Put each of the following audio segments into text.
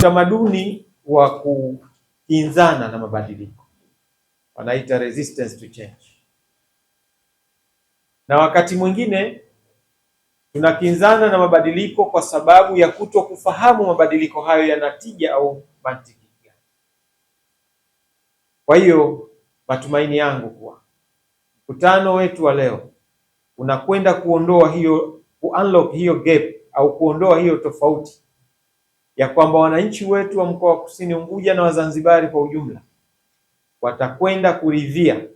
utamaduni wa kuinzana na mabadiliko, wanaita resistance to change. Na wakati mwingine tunakinzana na mabadiliko kwa sababu ya kuto kufahamu mabadiliko hayo yanatija au mantiki gani. Kwa hiyo matumaini yangu kuwa mkutano wetu wa leo unakwenda kuondoa hiyo, ku unlock hiyo gap au kuondoa hiyo tofauti ya kwamba wananchi wetu wa mkoa wa Kusini Unguja na Wazanzibari kwa ujumla watakwenda kuridhia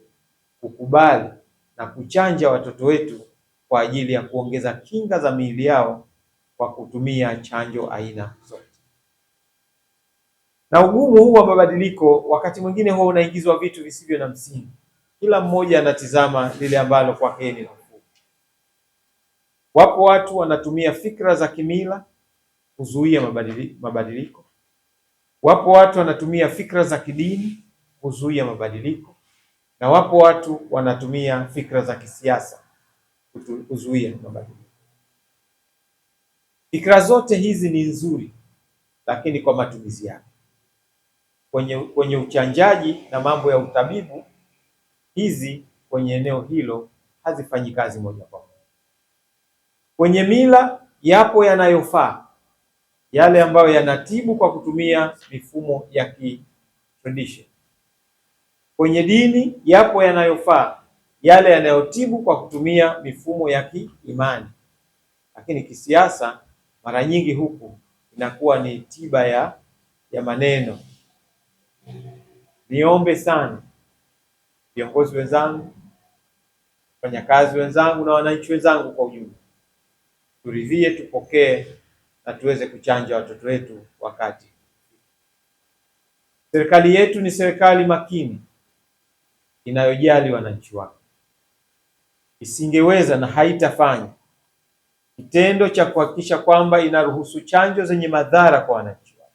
kukubali na kuchanja watoto wetu kwa ajili ya kuongeza kinga za miili yao kwa kutumia chanjo aina zote. Na ugumu huu wa mabadiliko wakati mwingine huwa unaingizwa vitu visivyo na msingi. Kila mmoja anatizama lile ambalo kwake ni nafuu. Wapo watu wanatumia fikra za kimila kuzuia mabadiliko. Wapo watu wanatumia fikra za kidini kuzuia mabadiliko, na wapo watu wanatumia fikra za kisiasa kuzuia mabadiliko. Fikra zote hizi ni nzuri, lakini kwa matumizi yake kwenye, kwenye uchanjaji na mambo ya utabibu, hizi kwenye eneo hilo hazifanyi kazi moja kwa moja. Kwenye mila yapo yanayofaa yale ambayo yanatibu kwa kutumia mifumo ya kitradition. Kwenye dini yapo yanayofaa yale yanayotibu kwa kutumia mifumo ya kiimani, lakini kisiasa mara nyingi huku inakuwa ni tiba ya, ya maneno. Niombe sana viongozi wenzangu, wafanyakazi wenzangu na wananchi wenzangu kwa ujumla, turidhie, tupokee na tuweze kuchanja watoto wetu wakati. Serikali yetu ni serikali makini inayojali wananchi wake, isingeweza na haitafanya kitendo cha kuhakikisha kwamba inaruhusu chanjo zenye madhara kwa wananchi wake,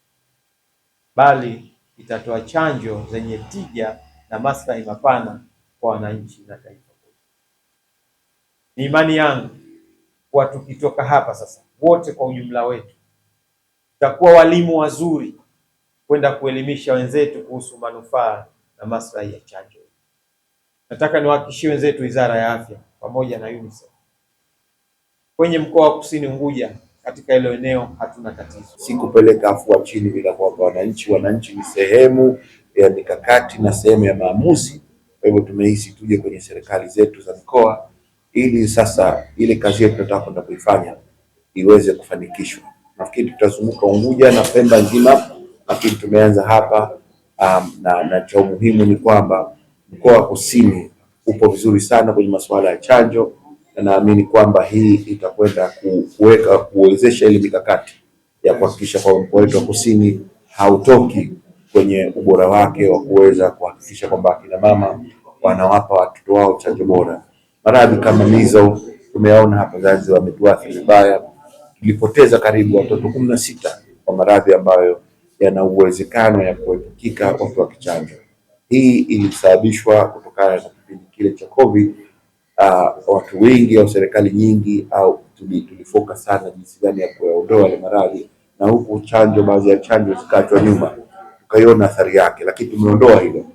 bali itatoa chanjo zenye tija na maslahi mapana kwa wananchi na taifa. Ni imani yangu kuwa tukitoka hapa sasa wote kwa ujumla wetu, tutakuwa walimu wazuri kwenda kuelimisha wenzetu kuhusu manufaa na maslahi ya chanjo. Nataka niwahakikishie wenzetu Wizara ya Afya pamoja na UNICEF kwenye mkoa wa Kusini Unguja katika hilo eneo hatuna tatizo. Si kupeleka afua chini bila kuwapa wananchi. Wananchi ni sehemu ya mikakati na sehemu ya maamuzi. Kwa hivyo tumehisi tuje kwenye serikali zetu za mikoa, ili sasa ile kazi yetu tunataka kwenda kuifanya iweze kufanikishwa. Nafikiri tutazunguka Unguja na Pemba nzima, lakini tumeanza hapa um, na, na cha umuhimu ni kwamba mkoa wa Kusini upo vizuri sana kwenye masuala ya chanjo, na naamini kwamba hii itakwenda kuweka kuwezesha ile mikakati ya kuhakikisha kwamba mkoa wetu wa Kusini hautoki kwenye ubora wake wa kuweza kuhakikisha kwamba akina mama wanawapa watoto wao chanjo bora. Maradhi kama mizo tumeona hapa Zanzibar wametuathiri vibaya ilipoteza karibu watoto kumi na sita kwa maradhi ambayo yana uwezekano ya kuepukika watu wakichanjwa. Hii ilisababishwa kutokana na kipindi kile cha COVID. Uh, watu wengi au serikali nyingi au tulifoka sana jinsi gani ya kuyaondoa yale maradhi, na huku chanjo, baadhi ya chanjo zikaachwa nyuma, tukaiona athari yake, lakini tumeondoa hilo,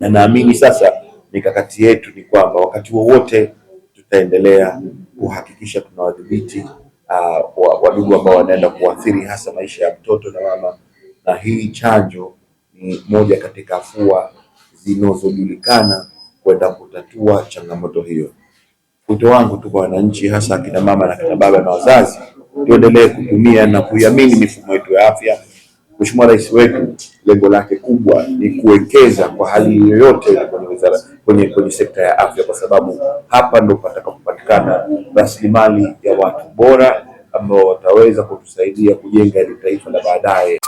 na naamini sasa mikakati yetu ni kwamba wakati wowote tutaendelea kuhakikisha tunawadhibiti uh, wadudu ambao wanaenda kuathiri hasa maisha ya mtoto na mama, na hii chanjo ni moja katika afua zinazojulikana kwenda kutatua changamoto hiyo. Wito wangu tu kwa wananchi, hasa akina mama na akina baba na wazazi, tuendelee kutumia na kuiamini mifumo yetu ya afya. Mheshimiwa Rais wetu lengo lake kubwa ni kuwekeza kwa hali yoyote kwenye, kwenye sekta ya afya kwa sababu hapa ndo pataka kupatikana rasilimali ya watu bora ambao wataweza kutusaidia kujenga hili taifa la baadaye.